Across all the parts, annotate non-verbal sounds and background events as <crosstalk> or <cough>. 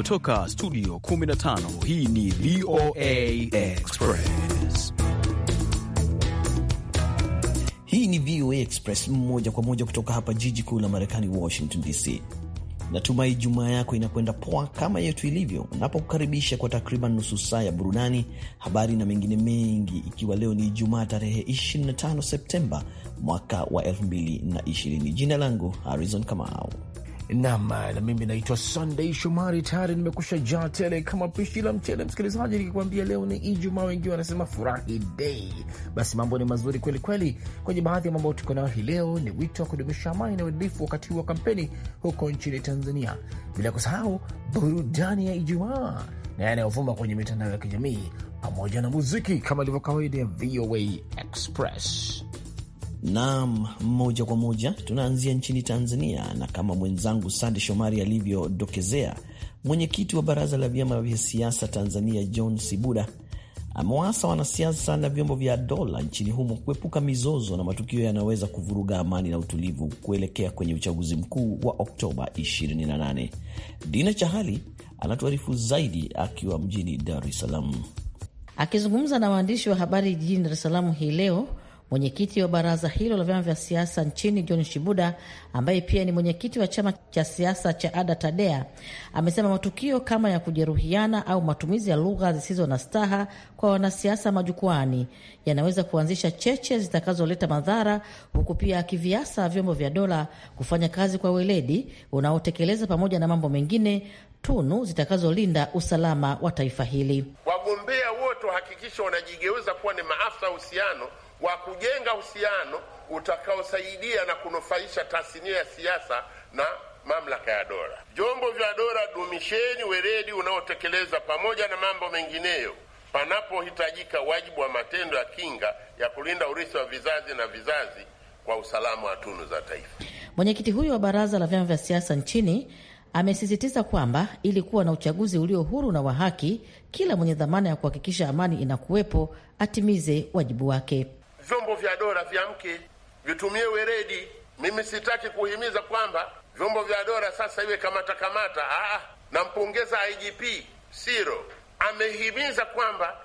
kutoka studio 15 hii ni VOA Express hii ni VOA Express moja kwa moja kutoka hapa jiji kuu la Marekani, Washington DC. Natumai Jumaa yako inakwenda poa kama yetu ilivyo, napokukaribisha kwa takriban nusu saa ya burudani, habari na mengine mengi, ikiwa leo ni Jumaa tarehe 25 Septemba mwaka wa 2020. Jina langu Harrison Kamau. Nam na mimi naitwa Sunday Shomari, tayari nimekusha jaa tele kama pishi la mchele. Msikilizaji, nikikuambia leo ni Ijumaa, wengi wanasema furahi dei, basi mambo ni mazuri kweli kweli. Kwenye baadhi ya mambo tuko nayo hii leo ni wito wa kudumisha amani na uadilifu wakati huu wa kampeni huko nchini Tanzania, bila kusahau burudani ya Ijumaa na yanayovuma kwenye mitandao ya kijamii pamoja na muziki kama ilivyo kawaida ya VOA Express. Naam, moja kwa moja tunaanzia nchini Tanzania, na kama mwenzangu Sande Shomari alivyodokezea, mwenyekiti wa baraza la vyama vya siasa Tanzania John Sibuda amewaasa wanasiasa na vyombo vya dola nchini humo kuepuka mizozo na matukio yanayoweza kuvuruga amani na utulivu kuelekea kwenye uchaguzi mkuu wa Oktoba 28. Dina Chahali anatuarifu zaidi akiwa mjini Dar es Salaam. Akizungumza na waandishi wa habari jijini Dar es Salaam hii leo, Mwenyekiti wa baraza hilo la vyama vya siasa nchini John Shibuda, ambaye pia ni mwenyekiti wa chama cha siasa cha Ada Tadea, amesema matukio kama ya kujeruhiana au matumizi ya lugha zisizo na staha kwa wanasiasa majukwani yanaweza kuanzisha cheche zitakazoleta madhara, huku pia akiviasa vyombo vya dola kufanya kazi kwa weledi unaotekeleza pamoja na mambo mengine tunu zitakazolinda usalama wa taifa hili. Wagombea wote wahakikisha wanajigeuza kuwa ni maafisa uhusiano wa kujenga uhusiano utakaosaidia na kunufaisha tasnia ya siasa na mamlaka ya dola. Vyombo vya dola, dumisheni weledi unaotekeleza pamoja na mambo mengineyo panapohitajika wajibu wa matendo ya kinga ya kulinda urithi wa vizazi na vizazi kwa usalama wa tunu za taifa. Mwenyekiti huyo wa Baraza la Vyama vya Siasa nchini amesisitiza kwamba ili kuwa na uchaguzi ulio huru na wa haki, kila mwenye dhamana ya kuhakikisha amani inakuwepo atimize wajibu wake vyombo vya dola viamke, vitumie weledi. Mimi sitaki kuhimiza kwamba vyombo vya dola sasa iwe kamata kamata. Ah, nampongeza IGP Siro, amehimiza kwamba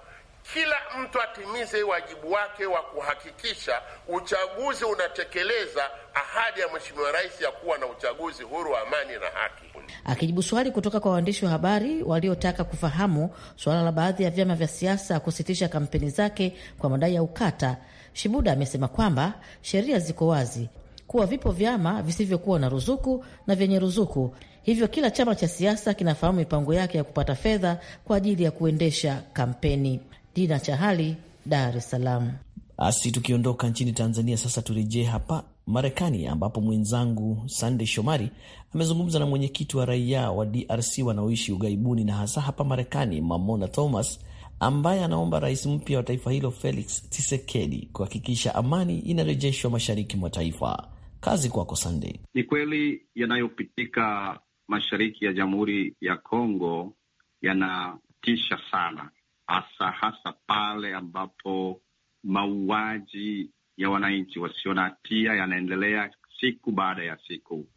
kila mtu atimize wajibu wake wa kuhakikisha uchaguzi unatekeleza ahadi ya Mheshimiwa Rais ya kuwa na uchaguzi huru wa amani na haki. Akijibu swali kutoka kwa waandishi wa habari waliotaka kufahamu suala la baadhi ya vyama vya siasa kusitisha kampeni zake kwa madai ya ukata, Shibuda amesema kwamba sheria ziko wazi kuwa vipo vyama visivyokuwa na ruzuku na vyenye ruzuku, hivyo kila chama cha siasa kinafahamu mipango yake ya kupata fedha kwa ajili ya kuendesha kampeni. Dina Chahali, Dar es Salaam. Basi tukiondoka nchini Tanzania, sasa turejee hapa Marekani ambapo mwenzangu Sandey Shomari amezungumza na mwenyekiti wa raia wa DRC wanaoishi ughaibuni na hasa hapa Marekani, Mamona Thomas ambaye anaomba rais mpya wa taifa hilo Felix Tshisekedi kuhakikisha amani inarejeshwa mashariki mwa taifa. Kazi kwako sande Ni kweli yanayopitika mashariki ya Jamhuri ya Kongo yanatisha sana, hasa hasa pale ambapo mauaji ya wananchi wasio na hatia yanaendelea siku baada ya siku,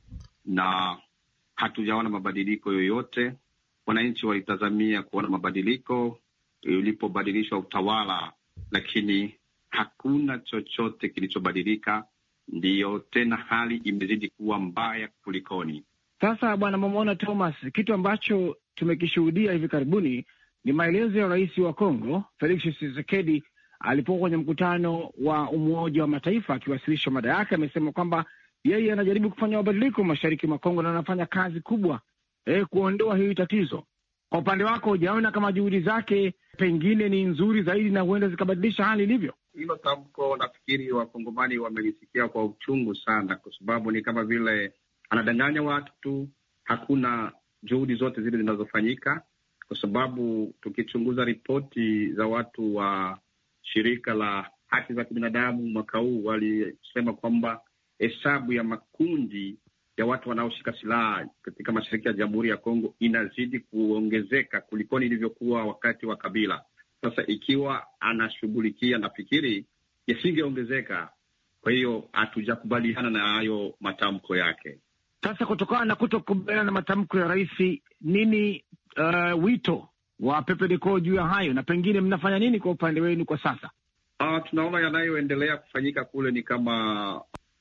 na hatujaona mabadiliko yoyote. Wananchi walitazamia kuona mabadiliko ulipobadilishwa utawala, lakini hakuna chochote kilichobadilika. Ndiyo tena hali imezidi kuwa mbaya kulikoni. Sasa bwana Momona Thomas, kitu ambacho tumekishuhudia hivi karibuni ni maelezo ya rais wa Kongo Felix Tshisekedi alipokuwa kwenye mkutano wa Umoja wa Mataifa akiwasilisha mada yake, amesema kwamba yeye anajaribu kufanya mabadiliko mashariki mwa Kongo na anafanya kazi kubwa eh, kuondoa hili tatizo. Kwa upande wako, hujaona kama juhudi zake pengine ni nzuri zaidi na huenda zikabadilisha hali ilivyo? Hilo tamko nafikiri wakongomani wamelisikia kwa uchungu sana, kwa sababu ni kama vile anadanganya watu. tu Hakuna juhudi zote zile zinazofanyika, kwa sababu tukichunguza ripoti za watu wa shirika la haki za kibinadamu mwaka huu walisema kwamba hesabu ya makundi ya watu wanaoshika silaha katika mashariki ya Jamhuri ya Kongo inazidi kuongezeka kulikoni ilivyokuwa wakati wa Kabila. Sasa ikiwa anashughulikia, nafikiri yasingeongezeka. Kwa hiyo hatujakubaliana na hayo matamko yake. Sasa kutokana na kutokubaliana na matamko ya rais, nini uh, wito wa pepeliko juu ya hayo, na pengine mnafanya nini kwa upande wenu kwa sasa? Uh, tunaona yanayoendelea kufanyika kule ni kama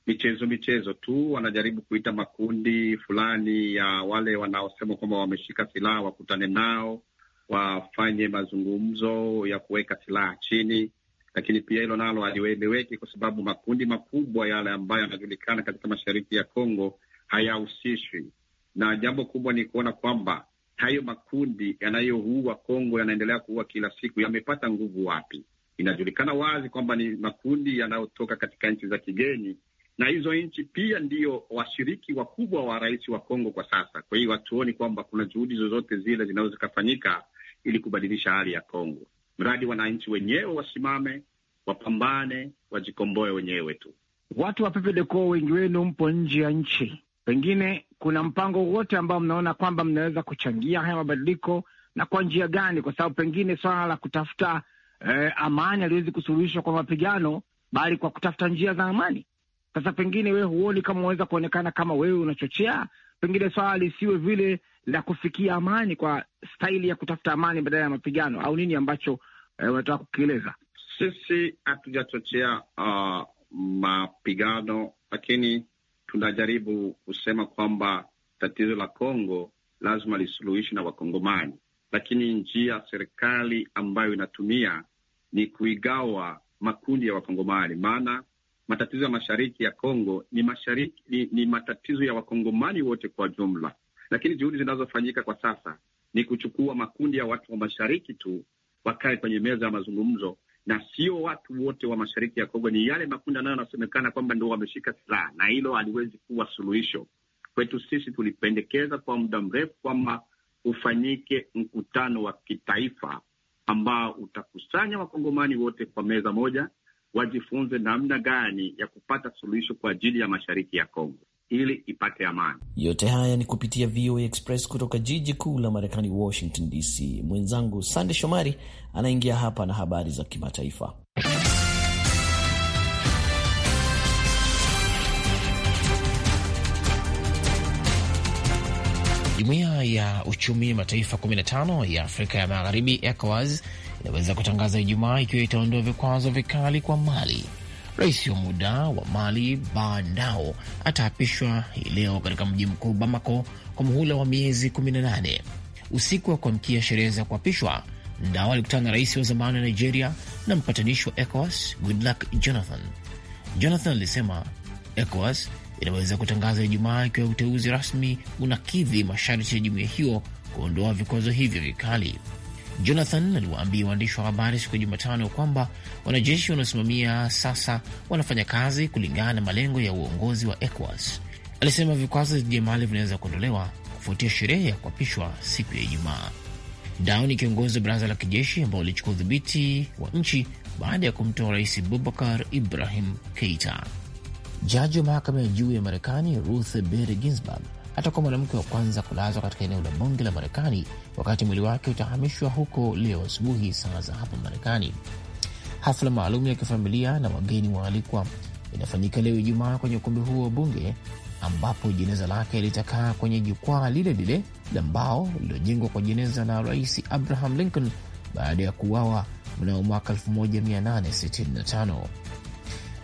michezo michezo tu, wanajaribu kuita makundi fulani ya wale wanaosema kwamba wameshika silaha, wakutane nao wafanye mazungumzo ya kuweka silaha chini. Lakini pia hilo nalo haliweleweki kwa sababu makundi makubwa yale ambayo yanajulikana katika mashariki ya Kongo hayahusishwi, na jambo kubwa ni kuona kwamba hayo makundi yanayoua Kongo yanaendelea kuua kila siku, yamepata nguvu wapi? Inajulikana wazi kwamba ni makundi yanayotoka katika nchi za kigeni na hizo nchi pia ndio washiriki wakubwa wa rais wa Kongo kwa sasa. Kwa hiyo hatuoni kwamba kuna juhudi zozote zile zinaweza zikafanyika ili kubadilisha hali ya Kongo, mradi wananchi wenyewe wasimame, wapambane, wajikomboe wenyewe tu. Watu wa pepedeko wengi wenu mpo nje ya nchi, pengine kuna mpango wote ambao mnaona kwamba mnaweza kuchangia haya mabadiliko na kwa njia gani? Kwa sababu pengine swala la kutafuta eh, amani haliwezi kusuluhishwa kwa mapigano, bali kwa kutafuta njia za amani. Sasa pengine wewe huoni kama unaweza kuonekana kama wewe unachochea, pengine swala lisiwe vile la kufikia amani kwa staili ya kutafuta amani badala ya mapigano, au nini ambacho eh, unataka kukieleza? Sisi hatujachochea uh, mapigano, lakini tunajaribu kusema kwamba tatizo la Kongo lazima lisuluhishwe na Wakongomani, lakini njia serikali ambayo inatumia ni kuigawa makundi ya Wakongomani, maana matatizo ya mashariki ya Kongo ni mashariki, ni, ni matatizo ya wakongomani wote kwa jumla, lakini juhudi zinazofanyika kwa sasa ni kuchukua makundi ya watu wa mashariki tu wakae kwenye meza ya mazungumzo, na sio watu wote wa mashariki ya Kongo, ni yale makundi anayo anasemekana kwamba ndio wameshika silaha, na hilo haliwezi kuwa suluhisho kwetu. Sisi tulipendekeza kwa muda mrefu kwamba ufanyike mkutano wa kitaifa ambao utakusanya wakongomani wote kwa meza moja wajifunze namna gani ya kupata suluhisho kwa ajili ya mashariki ya Kongo ili ipate amani. Yote haya ni kupitia VOA Express kutoka jiji kuu la Marekani, Washington DC. Mwenzangu Sande Shomari anaingia hapa na habari za kimataifa. Jumuiya ya uchumi mataifa 15 ya Afrika ya Magharibi, ECOWAS inaweza kutangaza Ijumaa ikiwa itaondoa vikwazo vikali kwa Mali. Rais wa muda wa Mali Bandao ataapishwa hii leo katika mji mkuu Bamako kwa muhula wa miezi 18. Usiku wa kuamkia sherehe za kuapishwa, Ndao alikutana na rais wa zamani wa Nigeria na mpatanishi wa ECOWAS Goodluck Jonathan. Jonathan alisema ECOWAS inaweza kutangaza Ijumaa ikiwa uteuzi rasmi unakidhi masharti ya jumuiya hiyo kuondoa vikwazo hivyo vikali. Jonathan aliwaambia waandishi wa habari siku ya Jumatano kwamba wanajeshi wanaosimamia sasa wanafanya kazi kulingana na malengo ya uongozi wa ECOWAS. Alisema vikwazo vya kijamali vinaweza kuondolewa kufuatia sherehe ya kuapishwa siku ya Ijumaa. Dao ni kiongozi wa baraza la kijeshi ambao alichukua udhibiti wa nchi baada ya kumtoa rais Bubakar Ibrahim Keita. Jaji wa mahakama ya juu ya Marekani Ruth Bader Ginsburg atakuwa mwanamke wa kwanza kulazwa katika eneo la bunge la Marekani, wakati mwili wake utahamishwa huko leo asubuhi saa za hapa Marekani. Hafla maalum ya kifamilia na wageni waalikwa inafanyika leo Ijumaa kwenye ukumbi huo wa bunge ambapo jeneza lake litakaa kwenye jukwaa lile lile la mbao lililojengwa kwa jeneza la Rais Abraham Lincoln baada ya kuuawa mnamo mwaka 1865.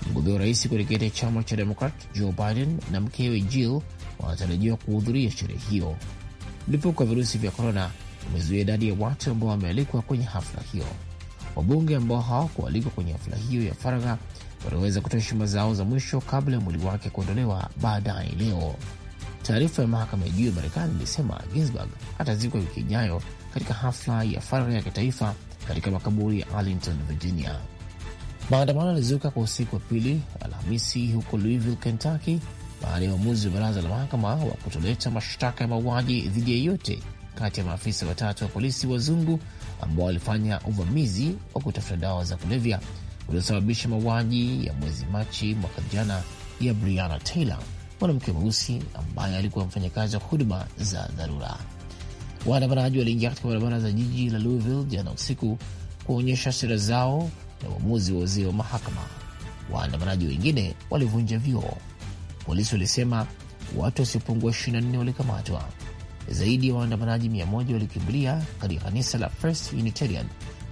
Mgombea wa rais kuelekea chama cha Demokrat Joe Biden na mkewe Jill wanatarajiwa kuhudhuria sherehe hiyo. Mlipuko wa virusi vya korona umezuia idadi ya watu ambao wamealikwa kwenye hafla hiyo. Wabunge ambao hawakualikwa kwenye hafla hiyo ya faragha wanaweza kutoa heshima zao za mwisho kabla ya mwili wake kuondolewa baadaye leo. Taarifa ya mahakama ya juu ya Marekani ilisema Ginsburg atazikwa wiki ijayo katika hafla ya faragha ya kitaifa katika makaburi ya Arlington, Virginia. Maandamano yalizuka kwa usiku wa pili Alhamisi huko Louisville, Kentucky, baada ya uamuzi wa baraza la mahakama wa kutoleta mashtaka ya mauaji dhidi ya yeyote kati ya maafisa watatu wa polisi wazungu ambao walifanya uvamizi wa kutafuta dawa za kulevya uliosababisha mauaji ya mwezi Machi mwaka jana ya briana Taylor, mwanamke mweusi ambaye alikuwa mfanyakazi wa huduma za dharura. Waandamanaji waliingia katika barabara za jiji la Louisville jana usiku kuonyesha sera zao na uamuzi wa wazee wa mahakama. Waandamanaji wengine walivunja vioo Polisi walisema watu wasiopungua 24 walikamatwa. Zaidi ya waandamanaji 100 walikimbilia katika kanisa la First Unitarian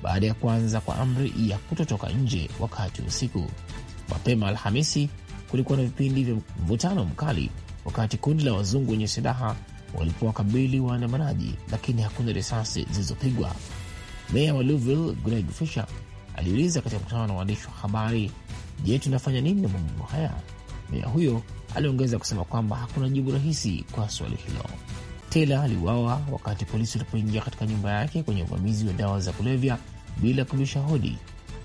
baada ya kuanza kwa amri ya kutotoka nje wakati wa usiku. Mapema Alhamisi kulikuwa na vipindi vya mvutano mkali, wakati kundi la wazungu wenye silaha walipowakabili waandamanaji, lakini hakuna risasi zilizopigwa. Meya wa Louisville Greg Fisher aliuliza katika mkutano na waandishi wa habari, je, tunafanya nini na mambo haya? Meya huyo aliongeza kusema kwamba hakuna jibu rahisi kwa swali hilo. Taylor aliuawa wakati polisi walipoingia katika nyumba yake kwenye uvamizi wa dawa za kulevya bila kubisha hodi,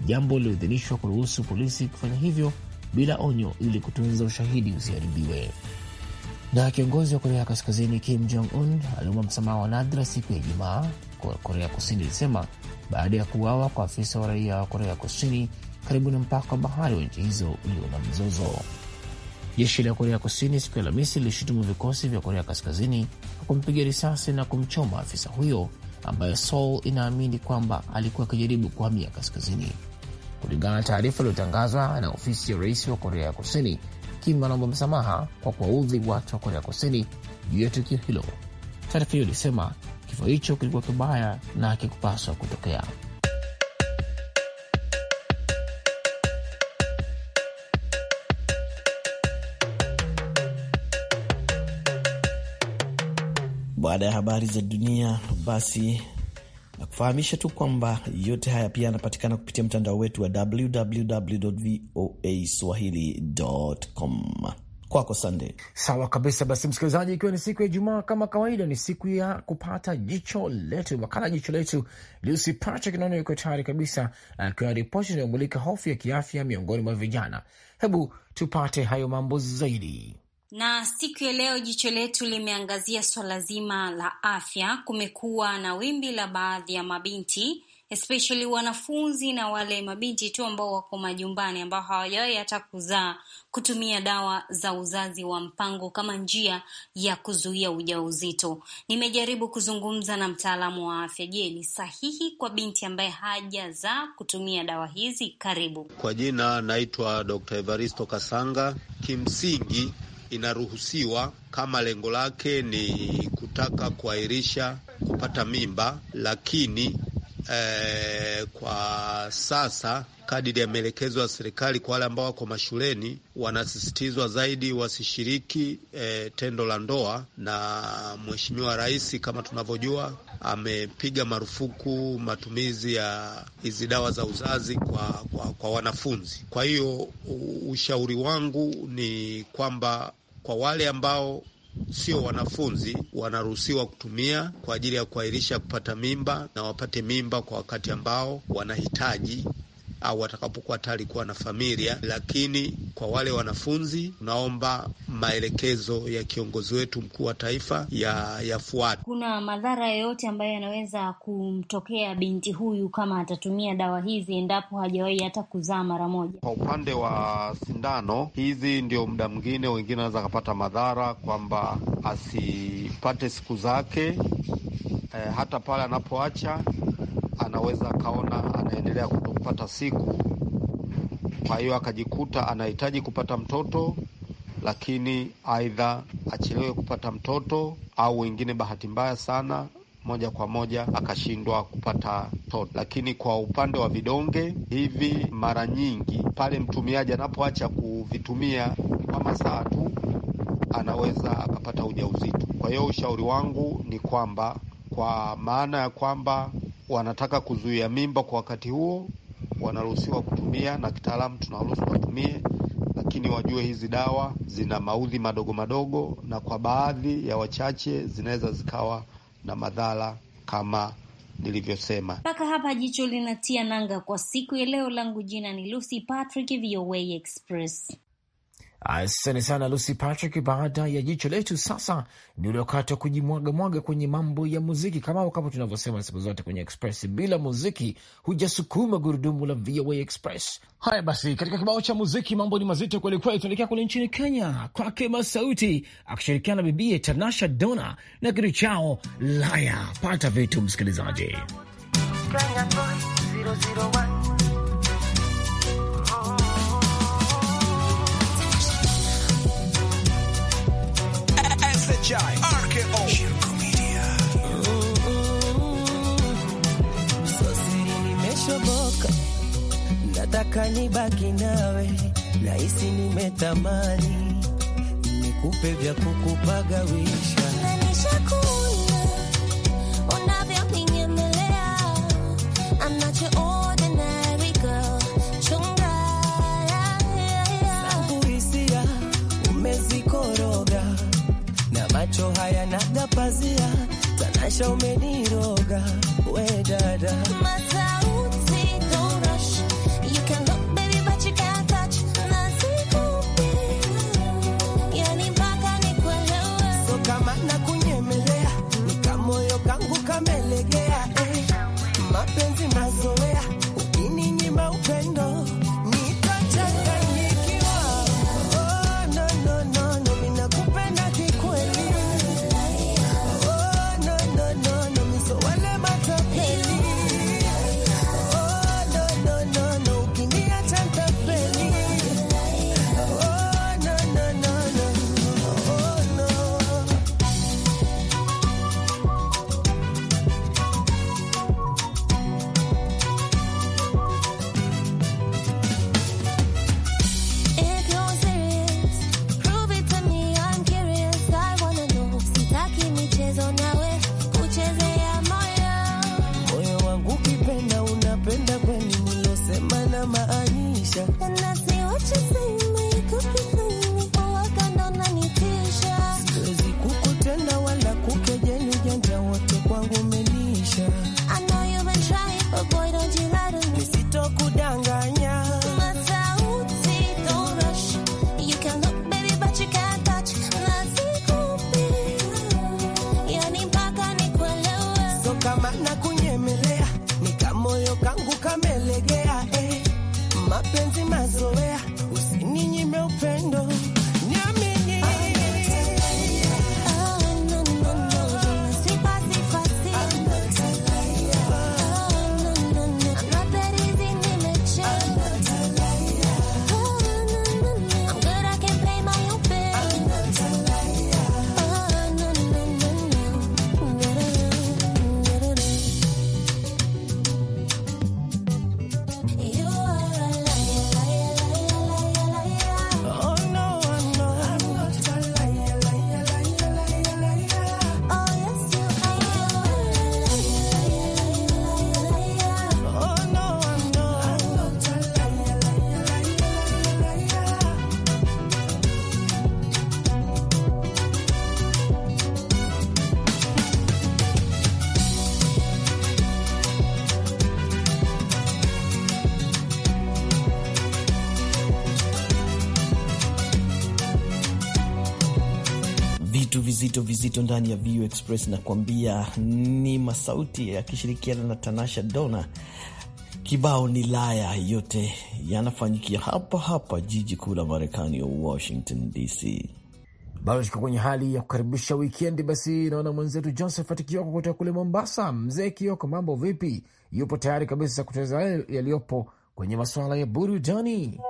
jambo lililoidhinishwa kuruhusu polisi kufanya hivyo bila onyo ili kutunza ushahidi usiharibiwe. Na kiongozi wa Korea Kaskazini Kim Jong Un aliomba msamaha wa nadra siku ya Ijumaa kwa Korea Kusini ilisema baada ya kuuawa kwa afisa wa raia wa Korea Kusini karibu na mpaka wa bahari wa nchi hizo ulio na mzozo. Jeshi la Korea Kusini siku ya Alhamisi lilishutumu vikosi vya Korea Kaskazini kwa kumpiga risasi na kumchoma afisa huyo ambaye Seoul inaamini kwamba alikuwa akijaribu kuhamia kaskazini, kulingana na taarifa iliyotangazwa na ofisi ya rais wa Korea Kusini. Kim anaomba msamaha kwa kuwaudhi watu wa Korea Kusini juu ya tukio hilo. Taarifa hiyo ilisema kifo hicho kilikuwa kibaya na hakikupaswa kutokea. Baada ya habari za dunia, basi nakufahamisha tu kwamba yote haya pia yanapatikana kupitia mtandao wetu wa www voa swahili.com. Kwako Sande. Sawa kabisa. Basi msikilizaji, ikiwa ni siku ya Ijumaa kama kawaida, ni siku ya kupata jicho letu, makala jicho letu. Lucy Patrick naona yuko tayari kabisa, akiwa ripoti inayomulika hofu ya kiafya miongoni mwa vijana. Hebu tupate hayo mambo zaidi. Na siku ya leo jicho letu limeangazia swala zima la afya. Kumekuwa na wimbi la baadhi ya mabinti especially wanafunzi na wale mabinti tu ambao wako majumbani ambao hawajawahi hata kuzaa kutumia dawa za uzazi wa mpango kama njia ya kuzuia ujauzito. Nimejaribu kuzungumza na mtaalamu wa afya. Je, ni sahihi kwa binti ambaye hajazaa kutumia dawa hizi? Karibu. Kwa jina naitwa Dr. Evaristo Kasanga. Kimsingi inaruhusiwa kama lengo lake ni kutaka kuahirisha kupata mimba, lakini eh, kwa sasa kadiri ya maelekezo ya serikali kwa wale ambao wako mashuleni wanasisitizwa zaidi wasishiriki e, tendo la ndoa. Na Mheshimiwa Rais, kama tunavyojua, amepiga marufuku matumizi ya hizi dawa za uzazi kwa, kwa, kwa wanafunzi. Kwa hiyo ushauri wangu ni kwamba kwa wale ambao sio wanafunzi wanaruhusiwa kutumia kwa ajili ya kuahirisha kupata mimba na wapate mimba kwa wakati ambao wanahitaji au watakapokuwa tayari kuwa na familia. Lakini kwa wale wanafunzi, tunaomba maelekezo ya kiongozi wetu mkuu wa taifa yafuate. kuna madhara yoyote ambayo yanaweza kumtokea binti huyu kama atatumia dawa hizi endapo hajawahi hata kuzaa mara moja? Kwa upande wa sindano hizi, ndio muda mwingine wengine anaweza akapata madhara kwamba asipate siku zake, eh, hata pale anapoacha anaweza akaona anaendelea kutopata siku, kwa hiyo akajikuta anahitaji kupata mtoto, lakini aidha achelewe kupata mtoto au wengine, bahati mbaya sana moja kwa moja akashindwa kupata mtoto. Lakini kwa upande wa vidonge hivi, mara nyingi pale mtumiaji anapoacha kuvitumia kwa masaa tu, anaweza akapata ujauzito. Kwa hiyo ushauri wangu ni kwamba, kwa maana ya kwamba wanataka kuzuia mimba kwa wakati huo wanaruhusiwa kutumia, na kitaalamu tunaruhusu watumie, lakini wajue hizi dawa zina maudhi madogo madogo, na kwa baadhi ya wachache zinaweza zikawa na madhara kama nilivyosema. Mpaka hapa jicho linatia nanga kwa siku ya leo. Langu jina ni Lucy Patrick, VOA Express. Asante sana Lucy Patrick. Baada ya jicho letu, sasa ni ule wakati wa kujimwagamwaga kwenye mambo ya muziki, kama kama tunavyosema siku zote kwenye Express, bila muziki hujasukuma gurudumu la VOA Express. Haya basi, katika kibao cha muziki mambo ni mazito kwelikweli, tunaelekea kule nchini Kenya kwake Masauti akishirikiana bibie Tanasha Dona na kitu chao Laya pata vitu, msikilizaji Kenya boy, zero, zero, Chai, RKO nimeshoboka, nataka nibaki nawe, nahisi nimetamani nikupe vya kukupaga wisha macho haya na dapazia, Tanasha umeniroga we dada vizito vizito ndani ya VU Express na kuambia ni masauti yakishirikiana na Tanasha Dona kibao ni laya. Yote yanafanyikia hapa hapa jiji kuu la Marekani, Washington DC. Bado tuko kwenye hali ya kukaribisha wikendi. Basi naona mwenzetu Josephat Kioko kutoka kule Mombasa. Mzee Kioko, mambo vipi? Yupo tayari kabisa kutueleza yaliyopo kwenye masuala ya burudani.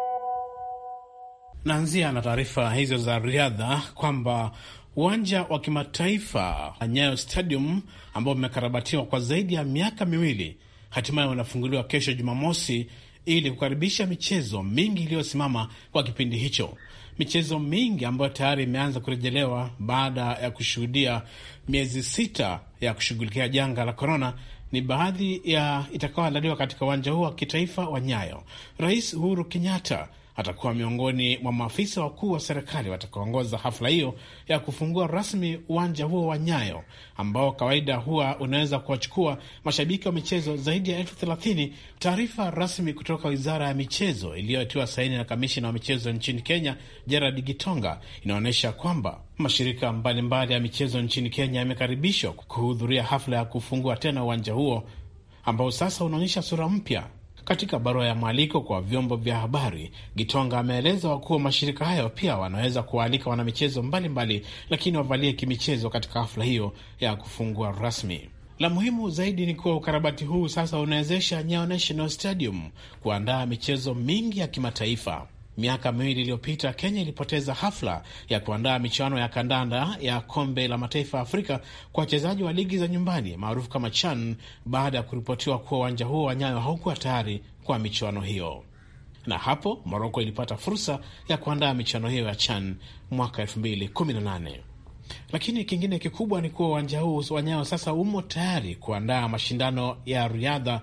Naanzia na taarifa hizo za riadha kwamba Uwanja wa kimataifa Nyayo Stadium ambao umekarabatiwa kwa zaidi ya miaka miwili, hatimaye unafunguliwa kesho Jumamosi ili kukaribisha michezo mingi iliyosimama kwa kipindi hicho, michezo mingi ambayo tayari imeanza kurejelewa baada ya kushuhudia miezi sita ya kushughulikia janga la korona. Ni baadhi ya itakaoandaliwa katika uwanja huo wa kitaifa wa Nyayo. Rais Uhuru Kenyatta atakuwa miongoni mwa maafisa wakuu wa serikali watakaoongoza hafla hiyo ya kufungua rasmi uwanja huo wa Nyayo ambao kawaida huwa unaweza kuwachukua mashabiki wa michezo zaidi ya elfu thelathini. Taarifa rasmi kutoka wizara ya michezo iliyotiwa saini na kamishina wa michezo nchini Kenya Gerard Gitonga inaonyesha kwamba mashirika mbalimbali mbali ya michezo nchini Kenya yamekaribishwa kuhudhuria hafla ya kufungua tena uwanja huo ambao sasa unaonyesha sura mpya katika barua ya mwaliko kwa vyombo vya habari, Gitonga ameeleza wakuwa mashirika hayo pia wanaweza kuwaalika wanamichezo mbalimbali, lakini wavalie kimichezo katika hafla hiyo ya kufungua rasmi. La muhimu zaidi ni kuwa ukarabati huu sasa unawezesha Nyayo National Stadium kuandaa michezo mingi ya kimataifa. Miaka miwili iliyopita Kenya ilipoteza hafla ya kuandaa michuano ya kandanda ya kombe la mataifa ya Afrika kwa wachezaji wa ligi za nyumbani maarufu kama CHAN baada ya kuripotiwa kuwa uwanja huo wa Nyayo haukuwa tayari kwa michuano hiyo. Na hapo Moroko ilipata fursa ya kuandaa michuano hiyo ya CHAN mwaka 2018 lakini kingine kikubwa ni kuwa uwanja huu wa Nyayo sasa umo tayari kuandaa mashindano ya riadha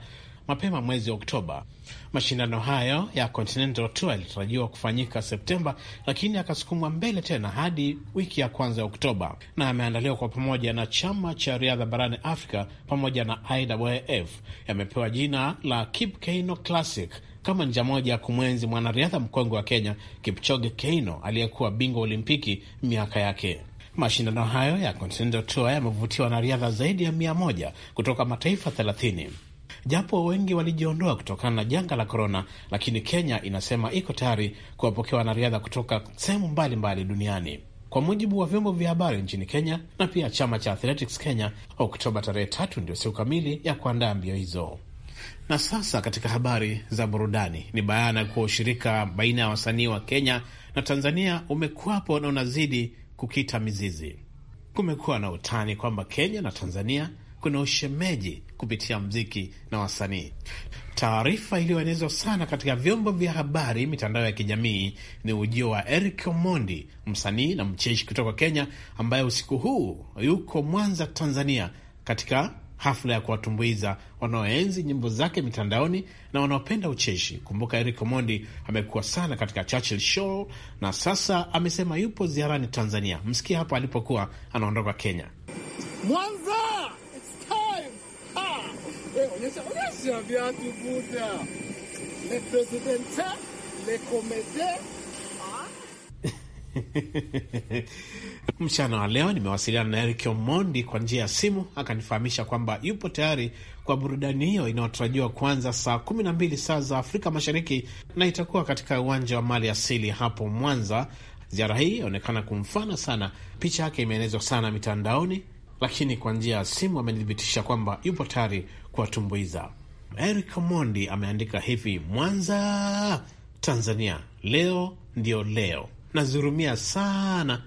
mapema mwezi Oktoba Mashindano hayo ya Continental Tour yalitarajiwa kufanyika Septemba, lakini yakasukumwa mbele tena hadi wiki ya kwanza ya Oktoba, na yameandaliwa kwa pamoja na chama cha riadha barani Afrika pamoja na IAAF. Yamepewa jina la Kip Keino Classic kama njia moja ya kumwenzi mwanariadha mkongwe wa Kenya Kipchoge Keino aliyekuwa bingwa Olimpiki miaka yake. Mashindano hayo ya Continental Tour yamevutiwa na riadha zaidi ya mia moja kutoka mataifa thelathini japo wengi walijiondoa kutokana na janga la korona, lakini Kenya inasema iko tayari kuwapokea wanariadha kutoka sehemu mbalimbali duniani. Kwa mujibu wa vyombo vya habari nchini Kenya na pia chama cha Athletics Kenya, Oktoba tarehe tatu ndio siku kamili ya kuandaa mbio hizo. Na sasa katika habari za burudani, ni bayana kuwa ushirika baina ya wasanii wa Kenya na Tanzania umekuwapo na unazidi kukita mizizi. Kumekuwa na utani kwamba Kenya na Tanzania kuna ushemeji kupitia mziki na wasanii. Taarifa iliyoenezwa sana katika vyombo vya habari, mitandao ya kijamii ni ujio wa Eric Omondi, msanii na mcheshi kutoka Kenya, ambaye usiku huu yuko Mwanza, Tanzania, katika hafla ya kuwatumbuiza wanaoenzi nyimbo zake mitandaoni na wanaopenda ucheshi. Kumbuka Eric Omondi amekuwa sana katika Churchill Show na sasa amesema yupo ziarani Tanzania. Msikie hapo alipokuwa anaondoka Kenya, Mwanza onyesha viatu buda le presidente le Mchana wa leo nimewasiliana na Eric Omondi kwa njia ya simu, akanifahamisha kwamba yupo tayari kwa burudani hiyo inayotarajiwa kuanza saa kumi na mbili saa za Afrika Mashariki, na itakuwa katika uwanja wa mali asili hapo Mwanza. Ziara hii inaonekana kumfana sana, picha yake imeenezwa sana mitandaoni, lakini kwa njia ya simu amenithibitisha kwamba yupo tayari kuwatumbuiza. Eric Mondi ameandika hivi: Mwanza, Tanzania, leo ndio leo, nazurumia sana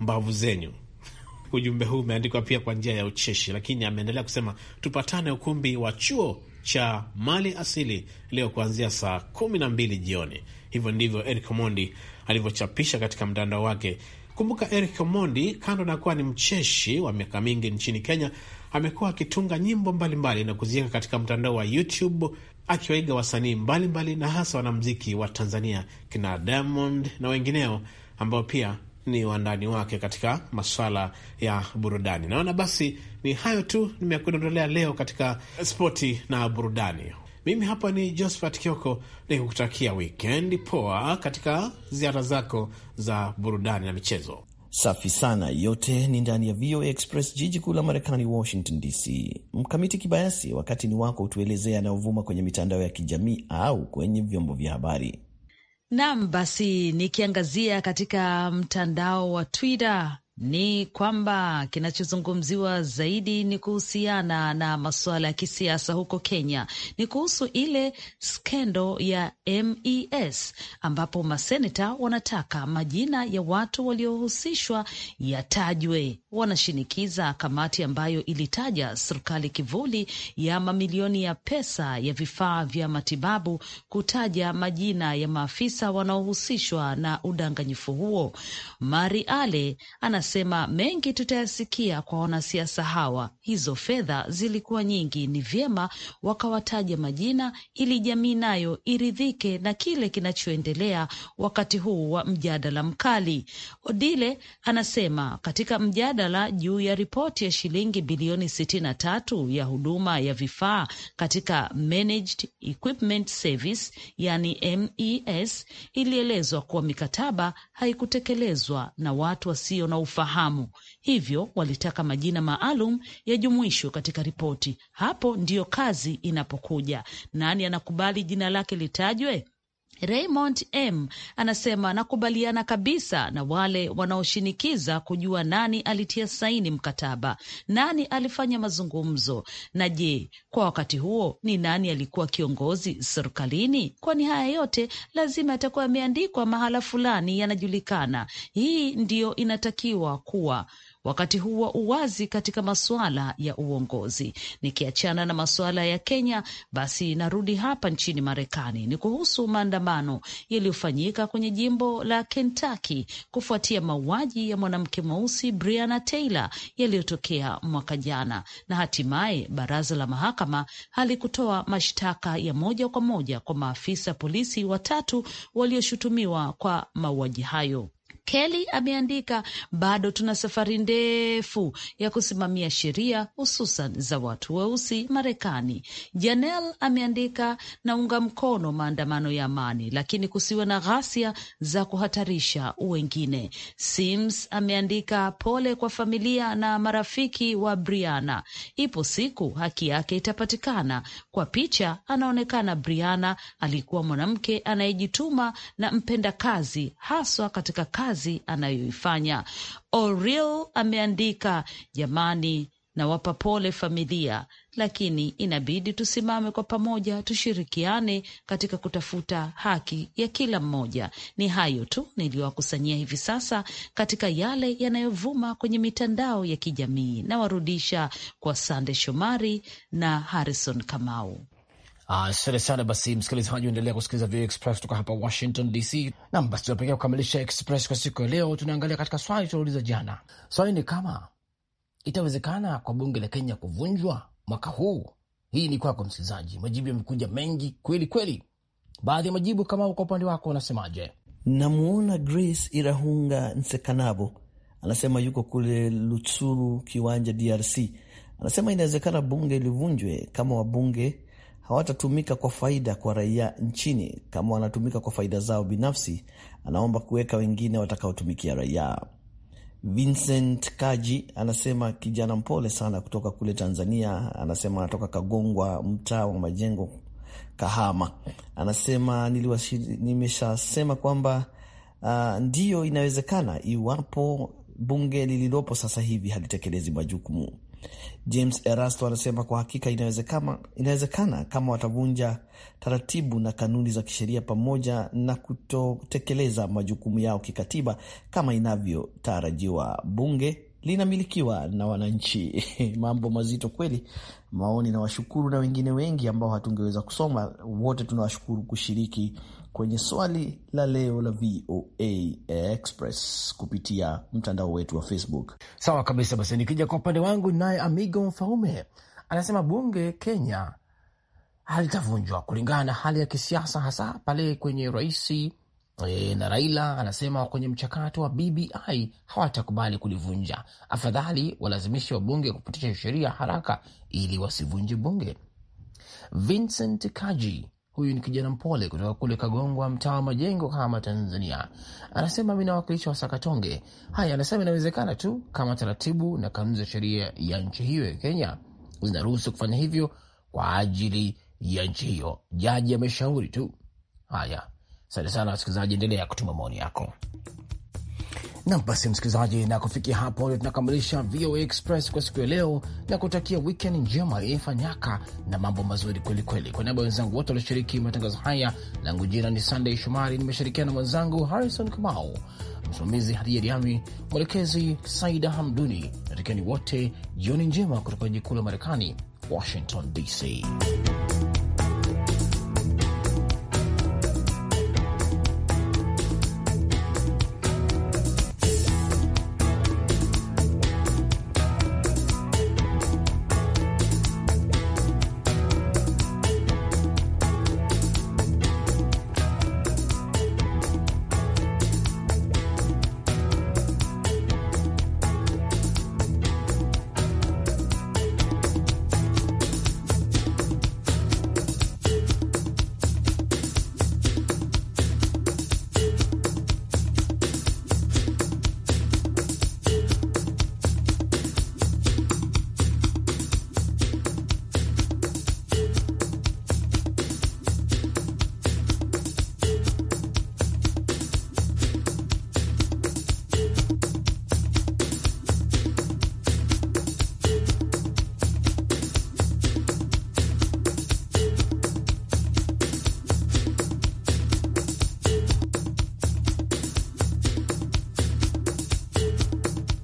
mbavu zenyu. <laughs> Ujumbe huu umeandikwa pia kwa njia ya ucheshi, lakini ameendelea kusema tupatane ukumbi wa chuo cha mali asili leo kuanzia saa kumi na mbili jioni. Hivyo ndivyo Eric Mondi alivyochapisha katika mtandao wake Kumbuka Eric Omondi, kando na kuwa ni mcheshi wa miaka mingi nchini Kenya, amekuwa akitunga nyimbo mbalimbali mbali na kuziweka katika mtandao wa YouTube akiwaiga wasanii mbalimbali na hasa wanamziki wa Tanzania kina Diamond na wengineo ambao pia ni wandani wake katika maswala ya burudani. Naona basi ni hayo tu nimekudondolea leo katika spoti na burudani. Mimi hapa ni Josphat Kioko nikikutakia wikendi poa katika ziara zako za burudani na michezo. Safi sana. Yote ni ndani ya VOA Express, jiji kuu la Marekani, Washington DC. Mkamiti Kibayasi, wakati ni wako utuelezea yanayovuma kwenye mitandao ya kijamii au kwenye vyombo vya habari. Naam, basi nikiangazia katika mtandao wa Twitter ni kwamba kinachozungumziwa zaidi ni kuhusiana na masuala ya kisiasa huko Kenya, ni kuhusu ile skendo ya MES ambapo maseneta wanataka majina ya watu waliohusishwa yatajwe. Wanashinikiza kamati ambayo ilitaja serikali kivuli ya mamilioni ya pesa ya vifaa vya matibabu kutaja majina ya maafisa wanaohusishwa na udanganyifu huo. Mari Ale ana anasema mengi tutayasikia kwa wanasiasa hawa. Hizo fedha zilikuwa nyingi, ni vyema wakawataja majina ili jamii nayo iridhike na kile kinachoendelea wakati huu wa mjadala mkali. Odile anasema katika mjadala juu ya ripoti ya shilingi bilioni sitini na tatu ya huduma ya vifaa katika Managed Equipment Service, yani MES, ilielezwa kuwa mikataba haikutekelezwa na watu wasio na ufahamu kufahamu, hivyo walitaka majina maalum yajumuishwe katika ripoti. Hapo ndiyo kazi inapokuja, nani anakubali jina lake litajwe? Raymond M anasema nakubaliana kabisa na wale wanaoshinikiza kujua nani alitia saini mkataba, nani alifanya mazungumzo, na je, kwa wakati huo ni nani alikuwa kiongozi serikalini? Kwani haya yote lazima yatakuwa yameandikwa mahala fulani, yanajulikana. Hii ndiyo inatakiwa kuwa wakati huu wa uwazi katika masuala ya uongozi. Nikiachana na masuala ya Kenya, basi narudi hapa nchini Marekani. Ni kuhusu maandamano yaliyofanyika kwenye jimbo la Kentucky kufuatia mauaji ya mwanamke mweusi Breonna Taylor yaliyotokea mwaka jana, na hatimaye baraza la mahakama halikutoa mashtaka ya moja kwa moja kwa maafisa polisi watatu walioshutumiwa kwa mauaji hayo. Kelly ameandika, bado tuna safari ndefu ya kusimamia sheria hususan za watu weusi Marekani. Janel ameandika, naunga mkono maandamano ya amani, lakini kusiwe na ghasia za kuhatarisha wengine. Sims ameandika, pole kwa familia na marafiki wa Briana, ipo siku haki yake itapatikana. Kwa picha anaonekana Briana alikuwa mwanamke anayejituma na mpenda kazi, haswa katika kazi kazi anayoifanya. Oril ameandika, jamani, nawapa pole familia, lakini inabidi tusimame kwa pamoja, tushirikiane katika kutafuta haki ya kila mmoja. Ni hayo tu niliyowakusanyia hivi sasa katika yale yanayovuma kwenye mitandao ya kijamii. Nawarudisha kwa Sande Shomari na Harrison Kamau. Ah, asante uh, sana basi, msikilizaji, uendelea kusikiliza VOA Express kutoka hapa Washington DC. Nam basi, tunapekea kukamilisha Express kwa siku ya leo. Tunaangalia katika swali tulouliza jana. Swali ni kama itawezekana kwa bunge la Kenya kuvunjwa mwaka huu. Hii ni kwako msikilizaji, majibu yamekuja mengi kweli kweli. Baadhi ya majibu kama kwa upande wako unasemaje? Namwona Grace Irahunga Nsekanabo anasema yuko kule Lutsuru Kiwanja, DRC. Anasema inawezekana bunge livunjwe kama wabunge hawatatumika kwa faida kwa raia nchini kama wanatumika kwa faida zao binafsi. Anaomba kuweka wengine watakaotumikia raia. Vincent Kaji anasema kijana mpole sana kutoka kule Tanzania. Anasema anatoka Kagongwa, mtaa wa Majengo, Kahama. Anasema nimeshasema kwamba uh, ndiyo inawezekana iwapo bunge lililopo sasa hivi halitekelezi majukumu James Erasto anasema kwa hakika inawezekana, inawezekana kama watavunja taratibu na kanuni za kisheria pamoja na kutotekeleza majukumu yao kikatiba kama inavyotarajiwa. Bunge linamilikiwa na wananchi. <laughs> Mambo mazito kweli. Maoni na washukuru na wengine wengi ambao hatungeweza kusoma wote, tunawashukuru kushiriki kwenye swali la leo la VOA Express kupitia mtandao wetu wa Facebook. Sawa kabisa. Basi nikija kwa upande wangu, naye Amigo Mfaume anasema bunge Kenya halitavunjwa kulingana na hali ya kisiasa, hasa pale kwenye raisi E, na Raila anasema kwenye mchakato wa BBI hawatakubali kulivunja. Afadhali walazimishe wabunge kupitisha sheria haraka ili wasivunje bunge. Vincent Kaji Huyu ni kijana mpole kutoka kule Kagongwa, mtaa wa Majengo, kama Tanzania. Anasema mi nawakilisha Wasakatonge. Haya, anasema inawezekana tu kama taratibu na kanuni za sheria ya nchi hiyo ya Kenya zinaruhusu kufanya hivyo kwa ajili ya nchi hiyo. Jaji ameshauri tu. Haya, asante sana wasikilizaji, endelea kutuma maoni yako. Nam basi, msikilizaji, na kufikia hapo ndio tunakamilisha VOA Express kwa siku ya leo, na kutakia wikend njema iliyefanyaka na mambo mazuri kwelikweli. Kwa niaba ya wenzangu wote walioshiriki matangazo haya, langu jina ni Sandey Shomari, nimeshirikiana na mwenzangu Harrison Kamau, msimamizi Hadija Riami, mwelekezi Saida Hamduni. Natakieni wote jioni njema kutoka jikuu la Marekani, Washington DC.